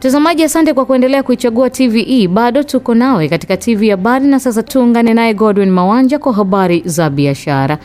Mtazamaji, asante kwa kuendelea kuichagua TVE. Bado tuko nawe katika TV Habari, na sasa tuungane naye Godwin Mawanja kwa habari za biashara.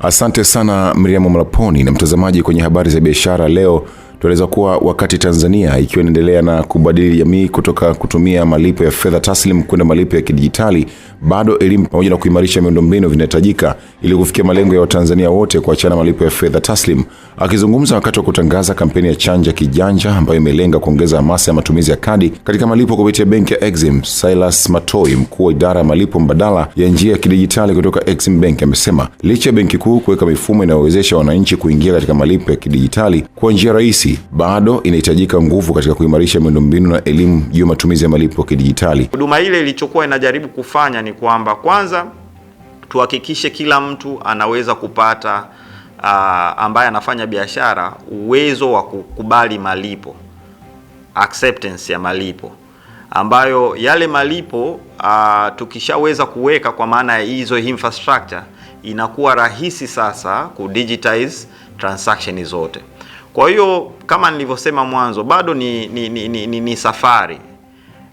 Asante sana Miriam Mlaponi na mtazamaji, kwenye habari za biashara leo tueleza kuwa wakati Tanzania ikiwa inaendelea na kubadili jamii kutoka kutumia malipo ya fedha taslim kwenda malipo ya kidijitali, bado elimu pamoja na kuimarisha miundombinu vinahitajika ili kufikia malengo ya Watanzania wote kuachana malipo ya fedha taslim. Akizungumza wakati wa kutangaza kampeni ya Chanja Kijanja ambayo imelenga kuongeza hamasa ya matumizi ya kadi katika malipo kupitia benki ya Exim, Silas Matoi, mkuu wa idara ya malipo mbadala ya njia ya kidijitali kutoka Exim Bank, amesema licha ya benki kuu kuweka mifumo inayowezesha wananchi kuingia katika malipo ya kidijitali kwa njia rahisi bado inahitajika nguvu katika kuimarisha miundombinu na elimu juu ya matumizi ya malipo ya kidijitali. Huduma ile ilichokuwa inajaribu kufanya ni kwamba kwanza tuhakikishe kila mtu anaweza kupata uh, ambaye anafanya biashara uwezo wa kukubali malipo, acceptance ya malipo ambayo yale malipo uh, tukishaweza kuweka kwa maana ya hizo infrastructure, inakuwa rahisi sasa digitize transaction zote. Kwa hiyo kama nilivyosema mwanzo, bado ni, ni, ni, ni, ni safari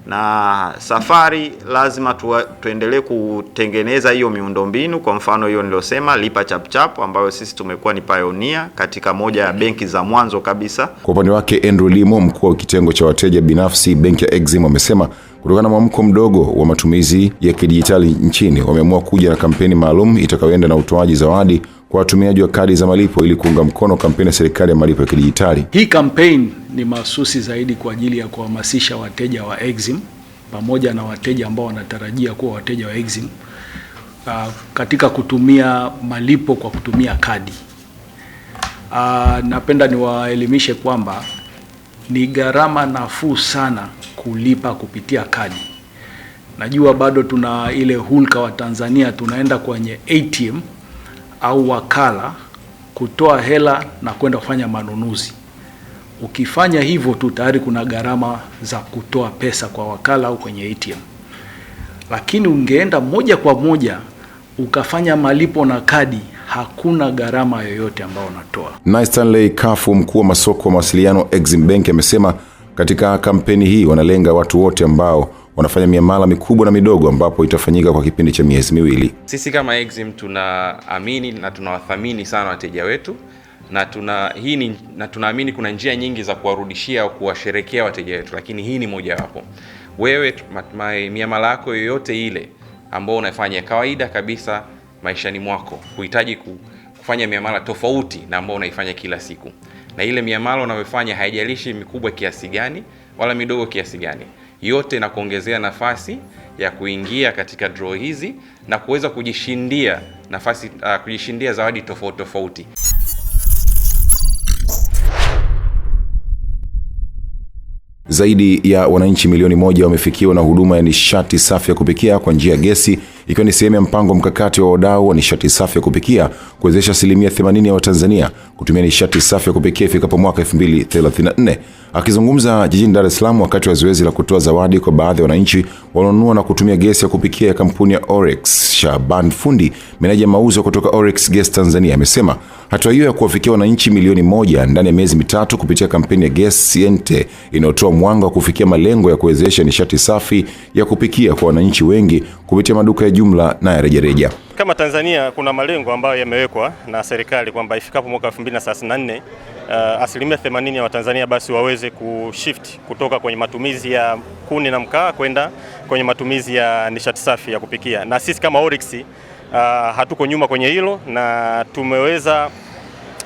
na safari lazima tu, tuendelee kutengeneza hiyo miundombinu. Kwa mfano hiyo niliyosema Lipa Chapchap ambayo sisi tumekuwa ni pioneer katika moja ya benki za mwanzo kabisa. Kwa upande wake Andrew Limo, mkuu wa kitengo cha wateja binafsi benki ya Exim, amesema Kutokana na mwamko mdogo wa matumizi ya kidijitali nchini, wameamua kuja na kampeni maalum itakayoenda na utoaji zawadi kwa watumiaji wa kadi za malipo ili kuunga mkono kampeni ya serikali ya malipo ya kidijitali. Hii kampeni ni mahususi zaidi kwa ajili ya kuhamasisha wateja wa Exim pamoja na wateja ambao wanatarajia kuwa wateja wa Exim uh, katika kutumia malipo kwa kutumia kadi. Uh, napenda niwaelimishe kwamba ni gharama nafuu sana kulipa kupitia kadi. Najua bado tuna ile hulka wa Tanzania, tunaenda kwenye ATM au wakala kutoa hela na kwenda kufanya manunuzi. Ukifanya hivyo tu tayari kuna gharama za kutoa pesa kwa wakala au kwenye ATM, lakini ungeenda moja kwa moja ukafanya malipo na kadi hakuna gharama yoyote ambayo unatoa. Naye Stanley Kafu, mkuu wa masoko wa mawasiliano Exim Bank, amesema katika kampeni hii wanalenga watu wote ambao wanafanya miamala mikubwa na midogo ambapo itafanyika kwa kipindi cha miezi miwili. Sisi kama Exim tunaamini na tunawathamini sana wateja wetu na tuna hii ni, na tunaamini kuna njia nyingi za kuwarudishia au kuwasherekea wateja wetu, lakini hii ni mojawapo. Wewe miamala yako yoyote ile ambao unafanya kawaida kabisa maishani mwako, huhitaji kufanya miamala tofauti na ambao unaifanya kila siku na ile miamala unayofanya haijalishi mikubwa kiasi gani wala midogo kiasi gani, yote na kuongezea nafasi ya kuingia katika draw hizi na kuweza kujishindia nafasi uh, kujishindia zawadi tofauti tofauti. Zaidi ya wananchi milioni moja wamefikiwa na huduma ya nishati safi ya kupikia kwa njia ya gesi ikiwa ni sehemu ya mpango mkakati wa wadau wa nishati safi ya kupikia kuwezesha asilimia 80 ya Watanzania kutumia nishati safi ya kupikia ifikapo mwaka 2034. Akizungumza jijini Dar es Salaam wakati wa zoezi la kutoa zawadi kwa baadhi ya wananchi wanaonunua na kutumia gesi ya kupikia ya kampuni ya Oryx, Shaban Fundi, meneja mauzo kutoka Oryx Gas Tanzania, amesema hatua hiyo ya kuwafikia wananchi milioni moja ndani ya miezi mitatu kupitia kampeni ya Gas Siente inayotoa mwanga wa kufikia malengo ya kuwezesha nishati safi ya kupikia kwa wananchi wengi kupitia maduka ya jumla na ya rejareja. Kama Tanzania kuna malengo ambayo yamewekwa na serikali kwamba ifikapo mwaka 2034 uh, asilimia 80 ya Watanzania basi waweze kushift kutoka kwenye matumizi ya kuni na mkaa kwenda kwenye matumizi ya nishati safi ya kupikia, na sisi kama Oryx uh, hatuko nyuma kwenye hilo na tumeweza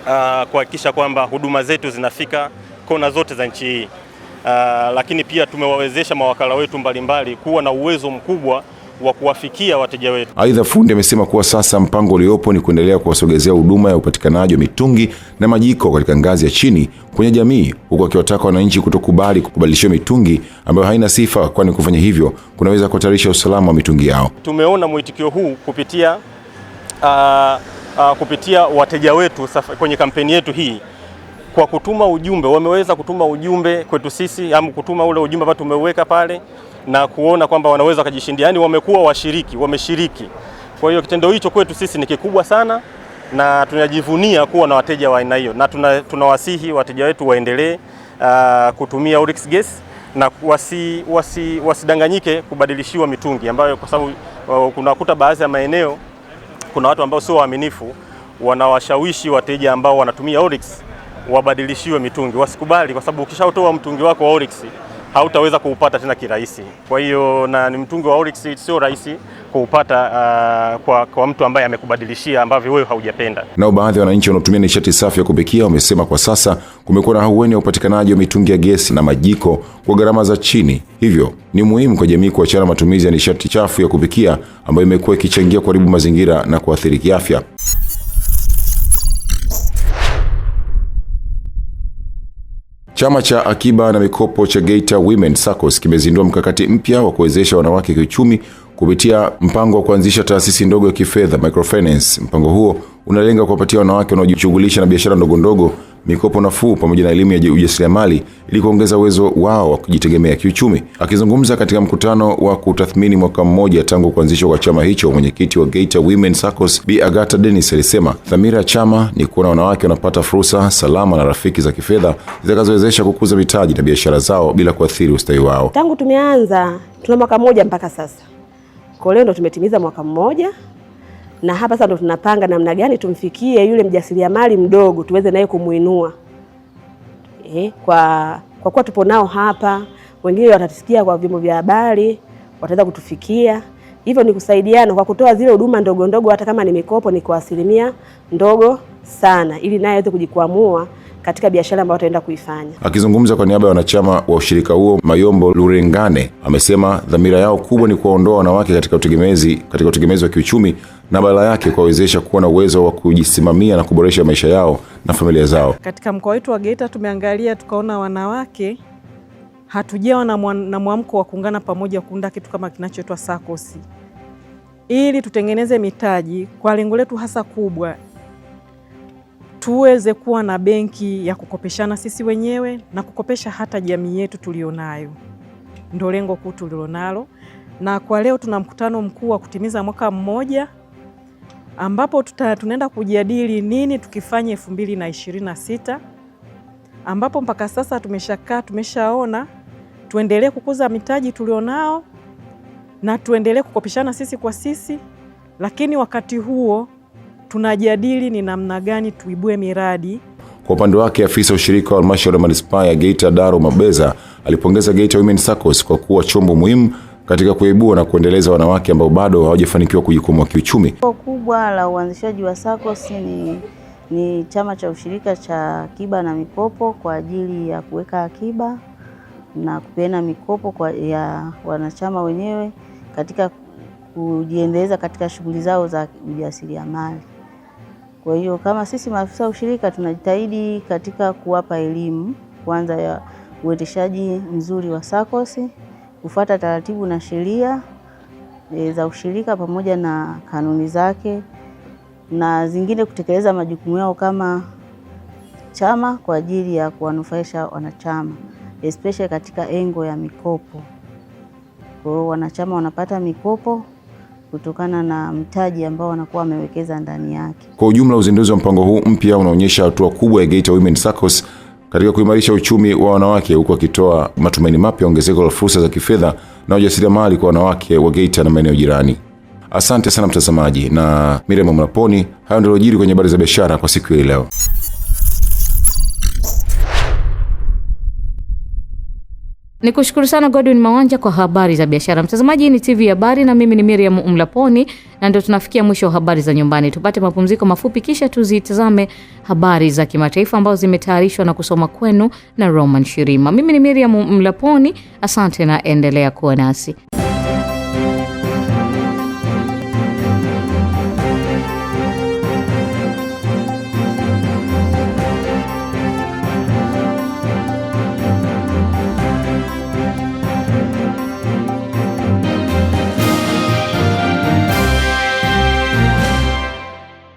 uh, kuhakikisha kwamba huduma zetu zinafika kona zote za nchi hii. Uh, lakini pia tumewawezesha mawakala wetu mbalimbali kuwa na uwezo mkubwa wa kuwafikia wateja wetu. Aidha, fundi amesema kuwa sasa mpango uliopo ni kuendelea kuwasogezea huduma ya upatikanaji wa mitungi na majiko katika ngazi ya chini kwenye jamii, huku akiwataka wananchi kutokubali kubadilishiwa mitungi ambayo haina sifa, kwani kufanya hivyo kunaweza kuhatarisha usalama wa mitungi yao. Tumeona mwitikio huu kupitia uh, uh, kupitia wateja wetu kwenye kampeni yetu hii kwa kutuma ujumbe, wameweza kutuma ujumbe kwetu sisi, ama kutuma ule ujumbe ambao tumeuweka pale na kuona kwamba wanaweza wakajishindia, yani wamekuwa washiriki, wameshiriki. Kwa hiyo kitendo hicho kwetu sisi ni kikubwa sana na tunajivunia kuwa na wateja wa aina hiyo, na tunawasihi tuna wateja wetu waendelee uh, kutumia Oryx Gas na wasi, wasi, wasidanganyike kubadilishiwa mitungi ambayo, kwa sababu kunakuta baadhi ya maeneo kuna watu ambao sio waaminifu, wanawashawishi wateja ambao wanatumia Oryx wabadilishiwe mitungi. Wasikubali, kwa sababu ukishatoa mtungi wako wa Oryx hautaweza kuupata tena kirahisi. Kwa hiyo na ni mtungi wa Oryx sio rahisi kuupata uh, kwa, kwa mtu ambaye amekubadilishia ambavyo wewe haujapenda. Nao baadhi ya wananchi wanaotumia nishati safi ya kupikia wamesema kwa sasa kumekuwa na ahueni ya upatikanaji wa mitungi ya gesi na majiko kwa gharama za chini, hivyo ni muhimu kwa jamii kuachana matumizi ya nishati chafu ya kupikia ambayo imekuwa ikichangia kuharibu mazingira na kuathiri kiafya. Chama cha akiba na mikopo cha Geita Women SACCOS kimezindua mkakati mpya wa kuwezesha wanawake kiuchumi kupitia mpango wa kuanzisha taasisi ndogo ya kifedha microfinance. Mpango huo unalenga kuwapatia wanawake wanaojishughulisha na biashara ndogondogo mikopo nafuu pamoja na elimu ya ujasiriamali ili kuongeza uwezo wao wa kujitegemea kiuchumi. Akizungumza katika mkutano wa kutathmini mwaka mmoja tangu kuanzishwa kwa chama hicho, mwenyekiti wa Geita Women SACCOS Bi Agata Dennis alisema dhamira ya chama ni kuona wanawake wanapata fursa salama na rafiki za kifedha zitakazowezesha kukuza mitaji na biashara zao bila kuathiri ustawi wao. Tangu tumeanza tuna mwaka mmoja mpaka sasa, kwa leo ndo tumetimiza mwaka mmoja na hapa sasa ndo tunapanga namna gani tumfikie yule mjasiriamali mdogo tuweze naye kumuinua eh, kwa kwa kuwa tupo nao hapa, wengine watatusikia kwa vyombo vya habari, wataweza kutufikia. Hivyo ni kusaidiana kwa kutoa zile huduma ndogo ndogo, hata kama ni mikopo ni kwa asilimia ndogo sana, ili naye aweze kujikwamua katika biashara ambayo wataenda kuifanya. Akizungumza kwa niaba ya wanachama wa ushirika huo, Mayombo Lurengane amesema dhamira yao kubwa ni kuwaondoa wanawake katika utegemezi katika utegemezi wa kiuchumi na badala yake kuwawezesha kuwa na uwezo wa kujisimamia na kuboresha maisha yao na familia zao. Katika mkoa wetu wa Geita tumeangalia tukaona wanawake hatujawa na mwamko wa kuungana pamoja kuunda kitu kama kinachoitwa sakosi ili tutengeneze mitaji kwa lengo letu hasa kubwa tuweze kuwa na benki ya kukopeshana sisi wenyewe na kukopesha hata jamii yetu tulionayo. Ndio lengo kuu tulilonalo, na kwa leo tuna mkutano mkuu wa kutimiza mwaka mmoja ambapo tuta, tunaenda kujadili nini tukifanye elfu mbili na ishirini na sita ambapo mpaka sasa tumeshakaa tumeshaona tuendelee kukuza mitaji tulionao na tuendelee kukopeshana sisi kwa sisi, lakini wakati huo tunajadili ni namna gani tuibue miradi. Kwa upande wake, afisa ushirika wa halmashauri ya manispaa ya Geita Daro Mabeza alipongeza Geita Women SACCOS kwa kuwa chombo muhimu katika kuibua na kuendeleza wanawake ambao bado hawajafanikiwa kujikwamua kiuchumi. Kubwa la uanzishaji wa SACCOS ni, ni chama cha ushirika cha akiba na mikopo kwa ajili ya kuweka akiba na kupeana mikopo kwa ya wanachama wenyewe katika kujiendeleza katika shughuli zao za ujasiriamali. Kwa hiyo kama sisi maafisa ushirika tunajitahidi katika kuwapa elimu kwanza ya uendeshaji mzuri wa SACCOS, kufuata taratibu na sheria e, za ushirika pamoja na kanuni zake na zingine, kutekeleza majukumu yao kama chama kwa ajili ya kuwanufaisha wanachama especially katika engo ya mikopo. Kwa hiyo wanachama wanapata mikopo kutokana na mtaji ambao wanakuwa wamewekeza ndani yake. Kwa ujumla, uzinduzi wa mpango huu mpya unaonyesha hatua kubwa ya Geita Women SACCOS katika kuimarisha uchumi wa wanawake huku akitoa matumaini mapya, ongezeko la fursa za kifedha na ujasiriamali kwa wanawake wa Geita na maeneo jirani. Asante sana mtazamaji, na Miriam Mlaponi, hayo ndio yaliyojiri kwenye habari za biashara kwa siku hii leo. Ni kushukuru sana Godwin Mawanja kwa habari za biashara. Mtazamaji, hii ni TV Habari na mimi ni Miriam Mlaponi, na ndio tunafikia mwisho wa habari za nyumbani. Tupate mapumziko mafupi, kisha tuzitazame habari za kimataifa ambazo zimetayarishwa na kusoma kwenu na Roman Shirima. Mimi ni Miriam Mlaponi, asante na endelea kuwa nasi.